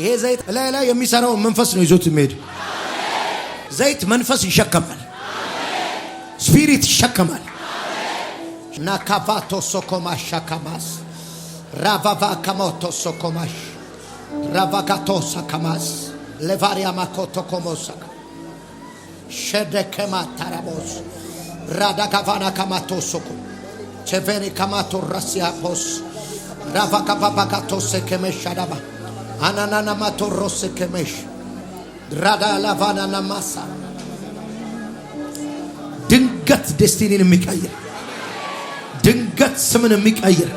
ይሄ ዘይት ላይ ላይ የሚሰራው መንፈስ ነው ይዞት የሚሄድ ዘይት መንፈስ ይሸከማል፣ ስፒሪት ይሸከማል። ናካቫቶ ሶኮማሽ ሻካማስ ራቫቫ ከሞቶ ሶኮማሽ ራቫጋቶ ሳካማስ ለቫሪያ ማኮቶ ኮሞሳካ ሸደከማ ታራቦስ ራዳጋቫና ከማቶ ሶኮ ቸቬኒ ከማቶ ራሲያፖስ ራቫጋቫጋቶ ሴከመሻዳባ Anananamatorose ከመሽ ራዳ ላቫናና ማሳ ድንገት ዴስቲኒን የሚቀይር ድንገት ስምን የሚቀይር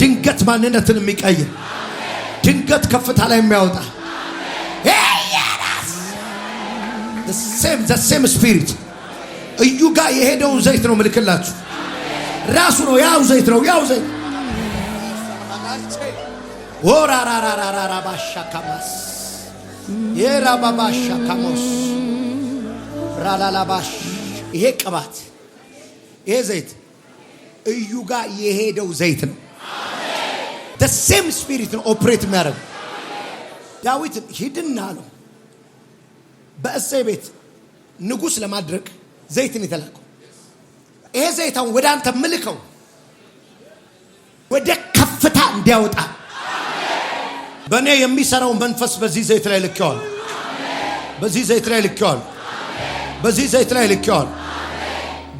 ድንገት ማንነትን የሚቀይር ድንገት ከፍታ ላይ የሚያወጣ ዘሴም ስፒሪት እዩ ጋር የሄደውን ዘይት ነው ምልክላችሁ። ራሱ ነው ያው ዘይት ነው ያው ዘይት ወራራራራራባሻካማስ የራባባሻካሞስ ራላላባሽ ይሄ ቅባት ይሄ ዘይት እዩ ጋር የሄደው ዘይት ነው። ሴም ስፒሪት ነው ኦፕሬት የሚያደርግ ዳዊት ሂድና አለው በእሴይ ቤት ንጉሥ ለማድረግ ዘይትን የተላከው ይሄ ዘይታውን ወደ አንተ ምልከው ወደ ከፍታ እንዲያወጣ በእኔ የሚሰራው መንፈስ በዚህ ዘይት ላይ ልኬዋል። በዚህ ዘይት ላይ ልኬዋል። በዚህ ዘይት ላይ ልኬዋል።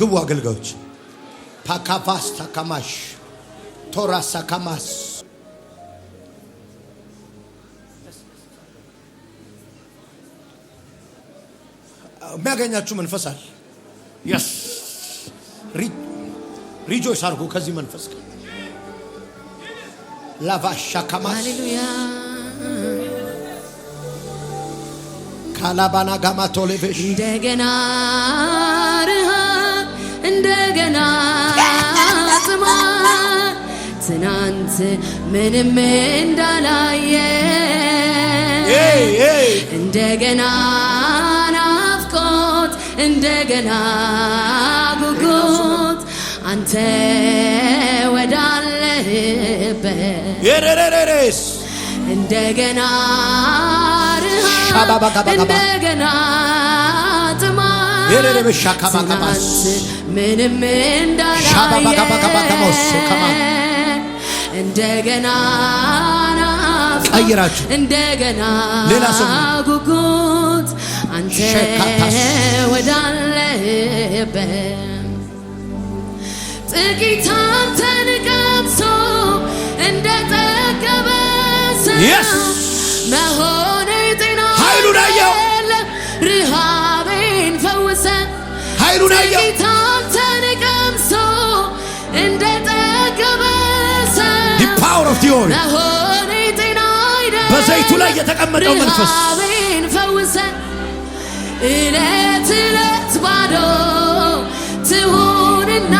ግቡ አገልጋዮች። ፓካፋስ ታካማሽ ቶራ ሳካማስ የሚያገኛችሁ መንፈስ አለ። የስ ሪጆይስ አድርጎ ከዚህ መንፈስ ጋር ላቫሻካማስ ካላባና ጋማቶ ሌቬሽ እንደገና ርሃ እንደገና ጽማት ትናንት ምንም እንዳላየ እንደገና ናፍቆት እንደገና ጉጉት አንተ ወዳል ነበርበት እንደገና እንደገና ምንም እንደገና ቀይራችሁ እንደገና ጉጉት አንተ ወዳለህበት ጥቂቷም ተንቀምሶ እንደጠገበ መሆነ ጤና ኃይሉን አየው ርሃቤን ፈውሰ ኃይሉን አየው ጥቂቷም ተንቀምሶ እንደጠገበ ፓወር ኦፍ ቲዮሪ መሆነ ጤና በዘይቱ ላይ የተቀመጠው መንፈስ ርሃቤን ፈውሰ እለት እለት ባዶ ትሁንና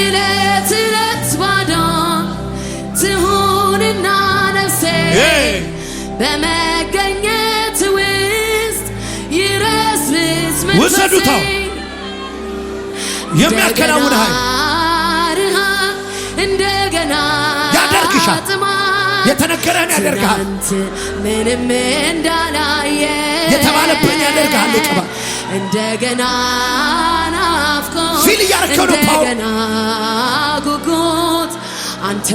እለት እለት ባዳ ትሁንና ነፍሴ በመገኘት ውስጥ ይረስርስ ውሰዱታ የሚያከናውን ኃይል እንደገና ያደርግሻል። የተነገረን ያደርግሃል። ምንም እንዳላየ የተባለብን ያደርግሃል። ይቀባል እንደገና ፊል እያረከው ነው እንደገና ጉጉት አንተ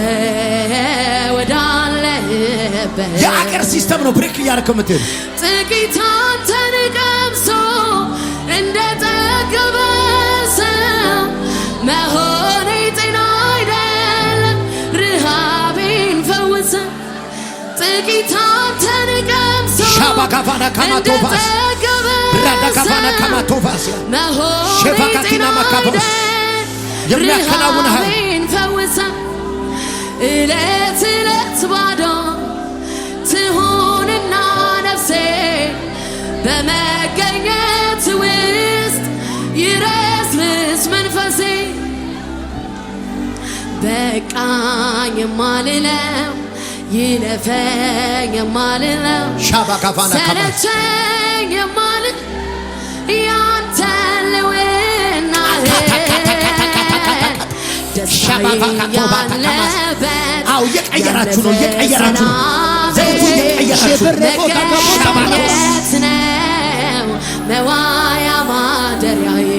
ወዳለህበት የአገር ሲስተም ነው ብሬክ እያረከው ምትል ጥቂት አንተን ቀምሶ እንደ ጠገበ ሰው መሆኔ ጤና ርሃቤን ፈውሰ ጥቂት አንተን ቀምሶ ሻባካፋና ረጋፋና ከማቶፋስ ሸፋካቲና ማካፋስ የሚያከናውን ኃይል እለት እለት ባዶ ትሁንና ነፍሴ በመገኘት ውስጥ ይረስርስ መንፈሴ በቃኝ የማልለው ይለፈኝ የማልለው ሰለቸኝ የማልለው ያንተን ልውና ደስ ያለበት ነው ነው መዋያ ማደሪያዬ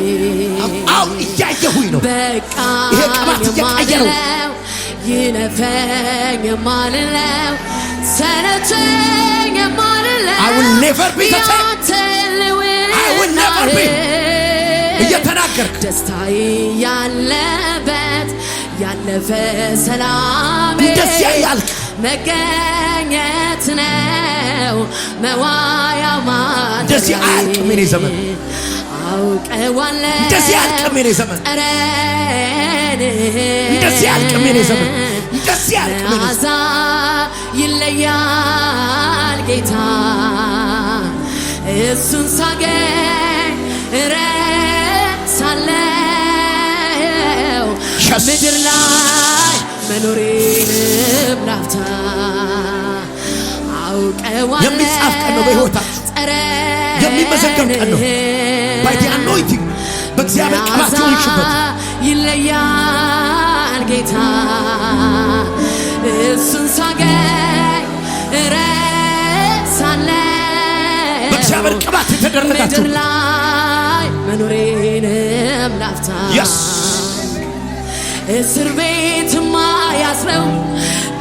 እያየሁኝ ነው ይሄ ቅባት እየቀየረው ይለፈኝ የማልለው ሰለቸኝ የማልለው እየተናገርክ ደስታዬ ያለበት ያለፈ ሰላሜ እንደዚያ ያልክ መገኘት ነው መዋያ ማለት እንደዚህ አያልቅም የኔ ዘመን አውቀዋለሁ እንደዚህ አያልቅም የኔ ዘመን ጠረን እንደዚህ አያልቅም የኔ ዘመን እንደዚህ አያልቅም መዓዛ ይለያል ጌታ እሱን ሳገኝ ረሳለው ምድር ላይ መኖሬንም ላፍታ አውቀዋለሁ። የሚጻፍ ቀን ነው፣ በሕይወታችሁ የሚመዘገብ ቀን ነው። ባይቲ አኖይቲንግ በእግዚአብሔር ቀባችሁ ይሽበት ይለያል ጌታ እሱን ሳገኝ የእግዚአብሔር ቅባት የተደረጋችሁ መኖሬንም ላፍታ እስር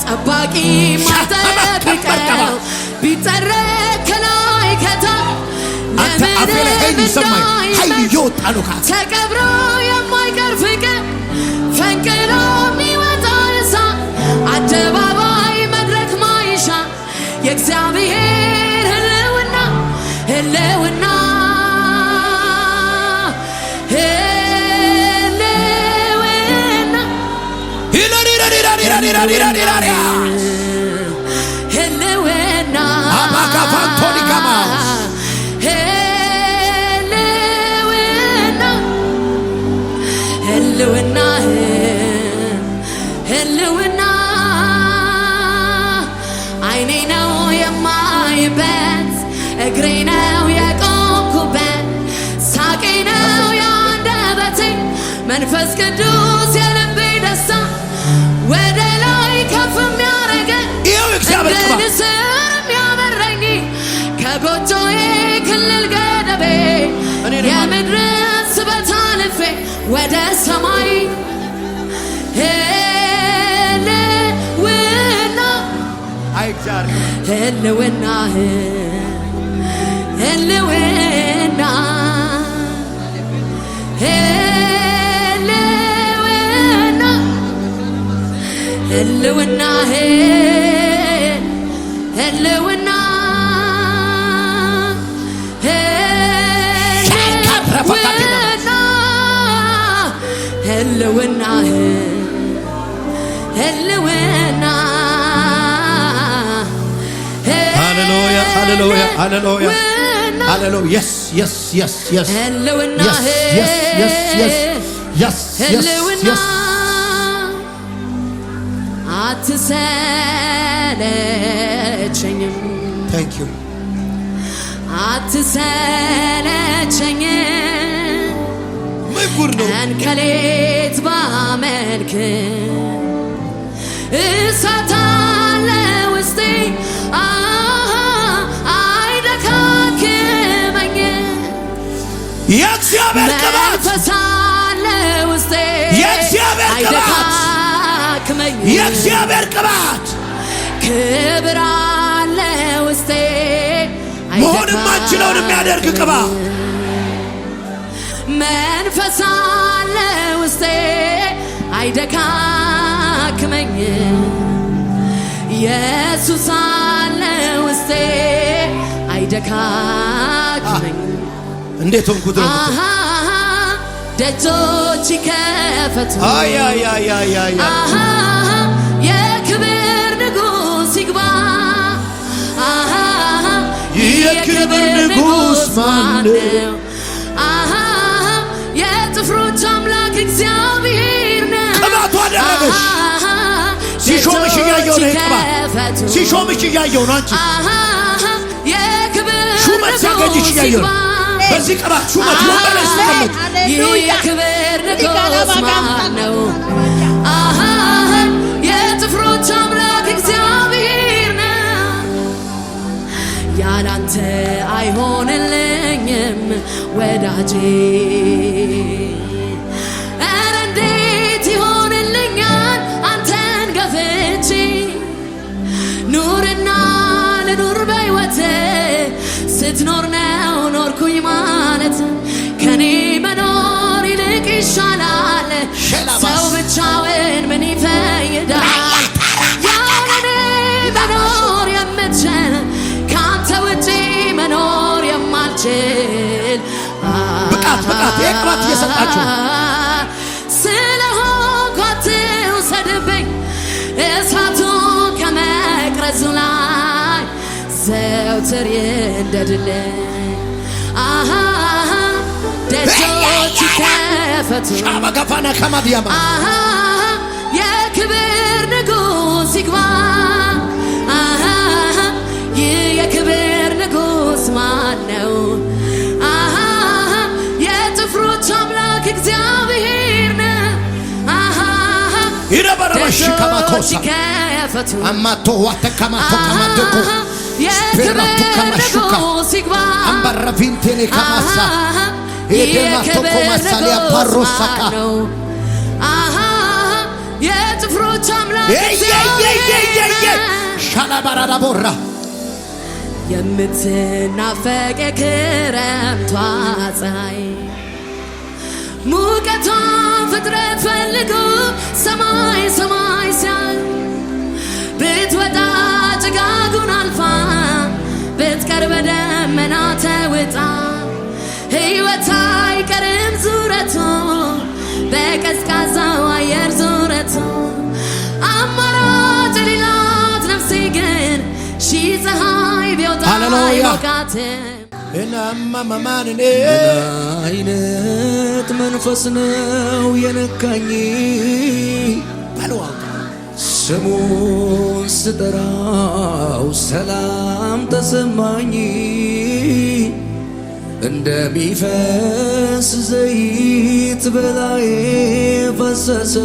ጠባቂ ማጠብቀው ከላይ ከታ ለምንም እንዳይጠፋ ተቀብሮ ህልውና አይኔ ነው የማይበት እግሬ ነው ሳቄ ነው መንፈስ ቅዱስ ወደ ሰማይ ህልውና ህልውና ህልውና ህልውና ህልውና ህልውናህ ህልውና ሃሌሉያ ሃሌሉያ ሃሌሉያ አትሰለቸኝም አትሰለቸኝም ምን ጉድ ነው? ቀን ከሌት ባመልክ እሳት አለ ውስጤ አይደካክመኝ የእግዚአብሔር ቅባት መንፈስ ውስጤ አይደካክመኝ የእግዚአብሔር ቅባት ክብር አለ ውስጤ መሆን የማንችለውን የሚያደርግ ቅባ መንፈሳ ለውስጤ አይደካክመኝ ኢየሱስ አለ ውስጤ አይደካክመኝ እንዴት ሆንኩት ደጆች ይከፈቱ የክብር ንጉሥ ይግባ የክብር ንጉሥ ማነው ቅባቱ አደረገሽ። ሲሾምሽ እያየው ነው። ቅባት ሲሾምሽ እያየው ነው። አንቺ ሹመት ሲያገኝሽ እያየው ነው። በዚህ ቅባት ሹመት ወንበር ላይ ስትቀመጥ የክብር ንጉሥ ማን ነው? የጥፍሮች አምላክ እግዚአብሔር ነው። ያላንተ አይሆንልኝም ወዳጄ ልኑር በሕይወቴ ስትኖር ነው ኖርኩኝ ማለት ከኔ መኖር ይልቅ ይሻላል። ሰው ብቻውን ምን ይፈይዳል? ያለኔ መኖር የምችል ከአንተ ውጪ መኖር የማልችል ብቃት ብቃት የቅባት እየሰጣችሁ ስለሆንኩ አትውሰድብኝ እሳቱ ከመቅረዙ ላይ ዘውትር እንደድል ደጆች ከፈቱ የክብር ንጉስ ይግባ ይህ የክብር ንጉስ ማን ነው? የጥፍሮች አምላክ እግዚአብሔር ነው። ይደበረበሽ ከማኮሳ አማቶ ዋተካማቶ ከማደቁ የጥፍሮች አምላክ ሻላባራዳ ቦራ የምትናፈቅ ክረምቷ ፀሐይ ሙቀቷ ፍጥረት ፈልጉ ሰማይ ሰማይ ሲያል ብትወጣ ጭጋጉን አልፋ ብትቀርበ በደመና ተውጣ ሕይወት አይቀርም ዙረቱ በቀዝቃዛው አየር ዙረቱ አማራጭ የሌላት ነፍሴ ግን ሺህ ፀሐይ ቢወጣ እናማማማንኔ አይነት መንፈስ ነው የነካኝ ስሙን ስጠራው ሰላም ተሰማኝ እንደሚፈስ ዘይት በላዬ ፈሰሰ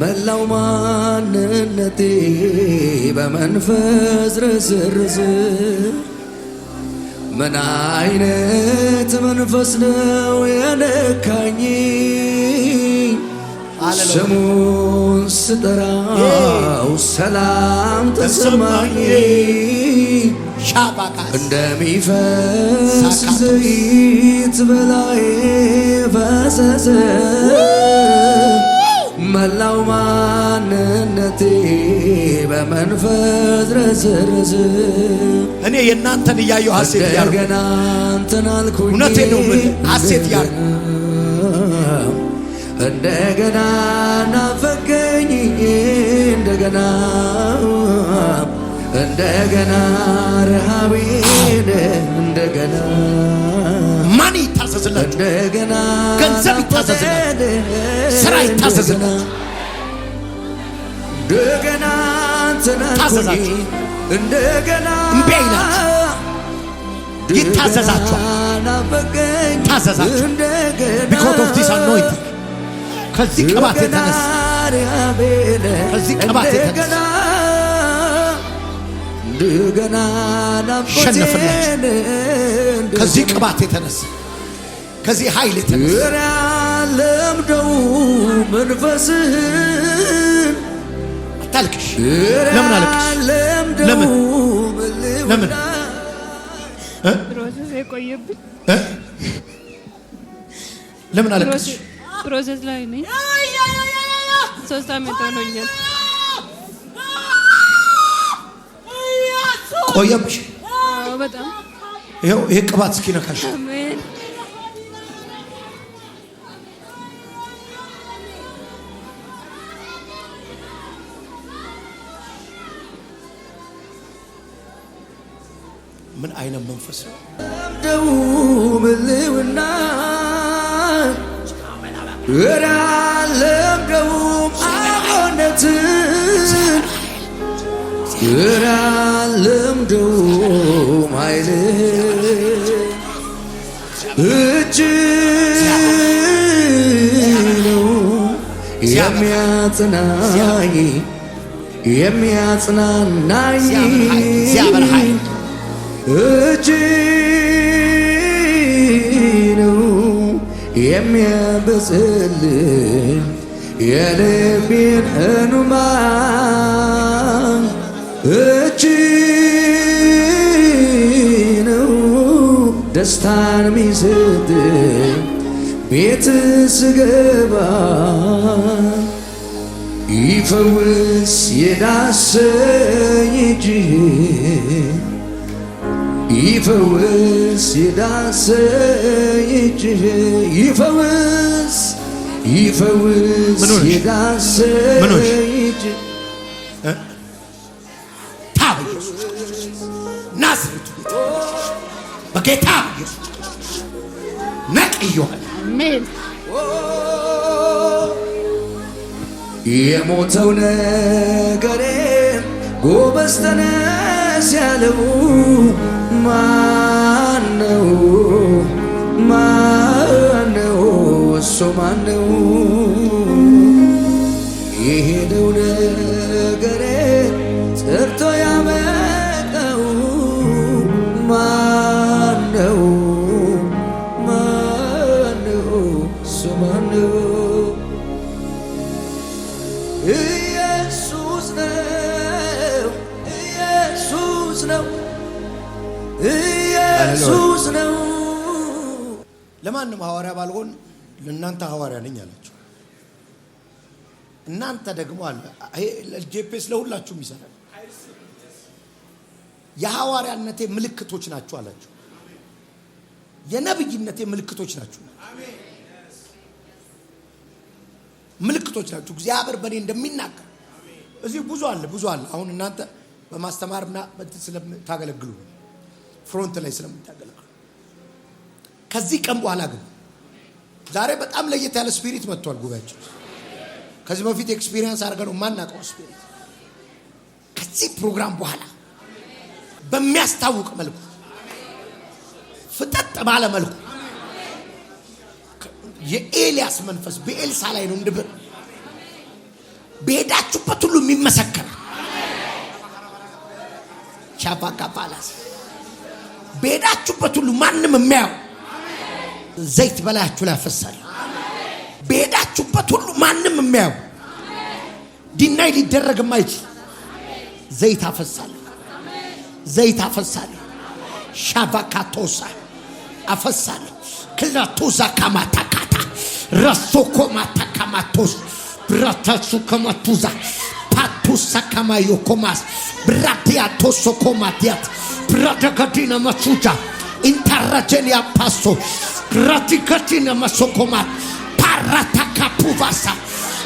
መላው ማንነቴ በመንፈስ ረዝርዝ ምን አይነት መንፈስ ነው የነካኝ ስሙን ስጠራው ሰላም ተሰማኝ። እንደሚፈስ ዘይት በላዬ ፈሰሰ። መላው ማንነቴ በመንፈስ ረዝርዝ እኔ የእናንተን እያየሁ ሐሴት ያርገና እንትን አልኩኝ። እውነቴን ነው ሐሴት ያርግ እንደገና ናፈቀኝ እንደገና እንደገና ረሃቤን እንደገና ማን እንደገና ገንዘብ ስራ እንደገና እንደገና ይታዘዛችኋል፣ ታዘዛችሁ ቢኮዝ ኦፍ ዲስ አኖይንቲንግ ከዚህ ቅባት የተነሳ ከዚህ ቅባት የተነሳ ከዚህ ኃይል የተነሳ ለምደው አታልቅሽ። ለምን አለቅሽ? ለምን ለምን ለምን አለቅሽ? ፕሮሰስ ላይ ነኝ። ሶስት አመት ሆኖኛል። ቆየብሽ በጣም ይኸው ይሄ ቅባት እስኪነካሽ ምን አይነት መንፈስ ነው ደው እላለምደውም አብሮነትን ኃይል እጅ ነው የሚያጽናኝ የሚያጽናናኝ እጅ የሚያበስልኝ የልቤን ሕሙማን እጅ ነው ደስታን ሚሰጠኝ ቤት ስገባ ይፈውስ የዳሰኝ እጅህ ይፈውስ የዳሰኝ እጅህ ይፈውስ ይፈውስ የዳሰኝ እጅህ ናዝሬቱ በጌታ ነቅ የሞተው ነገሬ ጎበዝ ተነስ ያለው ማነው ማነው እሱ ማነው ይሄ ነው ሐዋርያ ባልሆን ለእናንተ ሐዋርያ ነኝ አላቸው። እናንተ ደግሞ አለ ጄፔስ ለሁላችሁም ይሰራል። የሐዋርያነቴ ምልክቶች ናችሁ አላቸው። የነብይነቴ ምልክቶች ናችሁ ምልክቶች ናችሁ። እግዚአብሔር በእኔ እንደሚናገር እዚህ ብዙ አለ ብዙ አለ። አሁን እናንተ በማስተማርና ስለምታገለግሉ ፍሮንት ላይ ስለምታገለግሉ ከዚህ ቀን በኋላ ግን ዛሬ በጣም ለየት ያለ ስፒሪት መጥቷል ጉባኤያችን። ከዚህ በፊት ኤክስፒሪየንስ አድርገን ነው የማናውቀው ስፒሪት ከዚህ ፕሮግራም በኋላ በሚያስታውቅ መልኩ ፍጠጥ ባለ መልኩ የኤልያስ መንፈስ በኤልሳ ላይ ነው እንድብር በሄዳችሁበት ሁሉ የሚመሰከር ቻፋካ በሄዳችሁበት ሁሉ ማንም የሚያየው ዘይት በላያችሁ ላይ አፈሳለሁ። በሄዳችሁበት ሁሉ ማንም የሚያዩ ዲናይ ሊደረግ የማይችል ዘይት አፈሳለሁ። ዘይት አፈሳለሁ። ሻቫካቶሳ አፈሳለሁ። ክላቶዛ ካማታካታ ረሶኮ ማታካማቶስ ብራታሱ ከማቱዛ ፓቱሳ ከማዮ ኮማስ ብራቲያ ቶሶ ኮማቲያት ብራደገዲነ መቹጃ ኢንታራጀን ያፓሶ ratikatina masokoma paratakapuvaza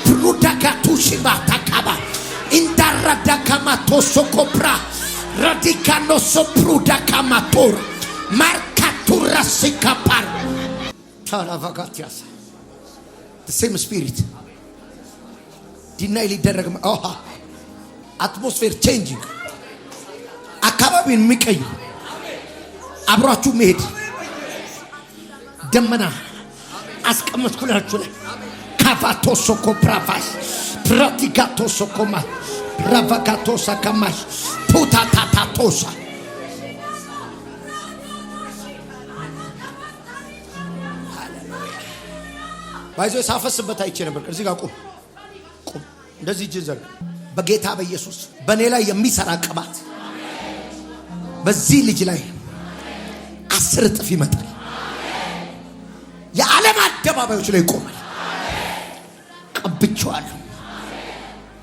prudagatusimatakaba indaradakamatosokopra radikanosoprudakamatora markaturasikapar ታላቫጋትያሳ ሴም ስፒሪት ዲናይ ሊደረግ አትሞስፌር ቼንጂንግ አካባቢን የሚቀይር አብሯችሁ መሄድ ደመና አስቀመጥኩላችሁ ላይ ካቫቶሶኮ ፕራቫስ ፕራቲጋቶሶኮማ ፕራቫጋቶሳ ከማሽ ፑታታታቶሳ ባይዞ ሳፈስበት አይቼ ነበር። እዚህ ጋር ቁም ቁም፣ እንደዚህ እጅ ዘርግ። በጌታ በኢየሱስ በእኔ ላይ የሚሰራ ቅባት በዚህ ልጅ ላይ አስር እጥፍ ይመጣል። አደባባዮች ላይ ይቆማል። ቀብቼዋለሁ።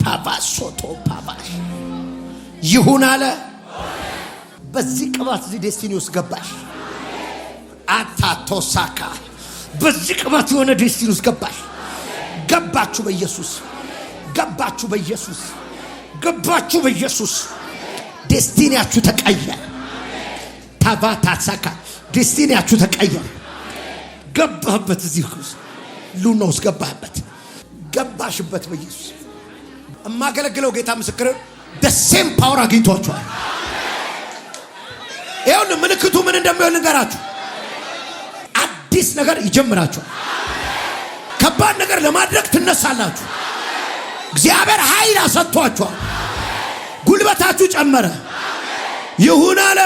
ፓቫሶቶ ፓቫ ይሁን አለ። በዚህ ቅባት እዚህ ዴስቲኒ ውስጥ ገባሽ። አታቶሳካ በዚህ ቅባት የሆነ ዴስቲኒ ውስጥ ገባሽ። ገባችሁ በኢየሱስ ገባችሁ በኢየሱስ ገባችሁ በኢየሱስ ዴስቲኒያችሁ ተቀየረ። ታቫ ታሳካ ዴስቲኒያችሁ ተቀየረ። ገባህበት፣ እዚህ ሉና ውስጥ ገባህበት፣ ገባሽበት። በኢየሱስ የማገለግለው ጌታ ምስክር ደሴም ፓወር አግኝቷቸዋል። ይሁን ምልክቱ ምን እንደሚሆን ልንገራችሁ። አዲስ ነገር ይጀምራችኋል። ከባድ ነገር ለማድረግ ትነሳላችሁ። እግዚአብሔር ኃይል አሰጥቷችኋል። ጉልበታችሁ ጨመረ። ይሁን አለ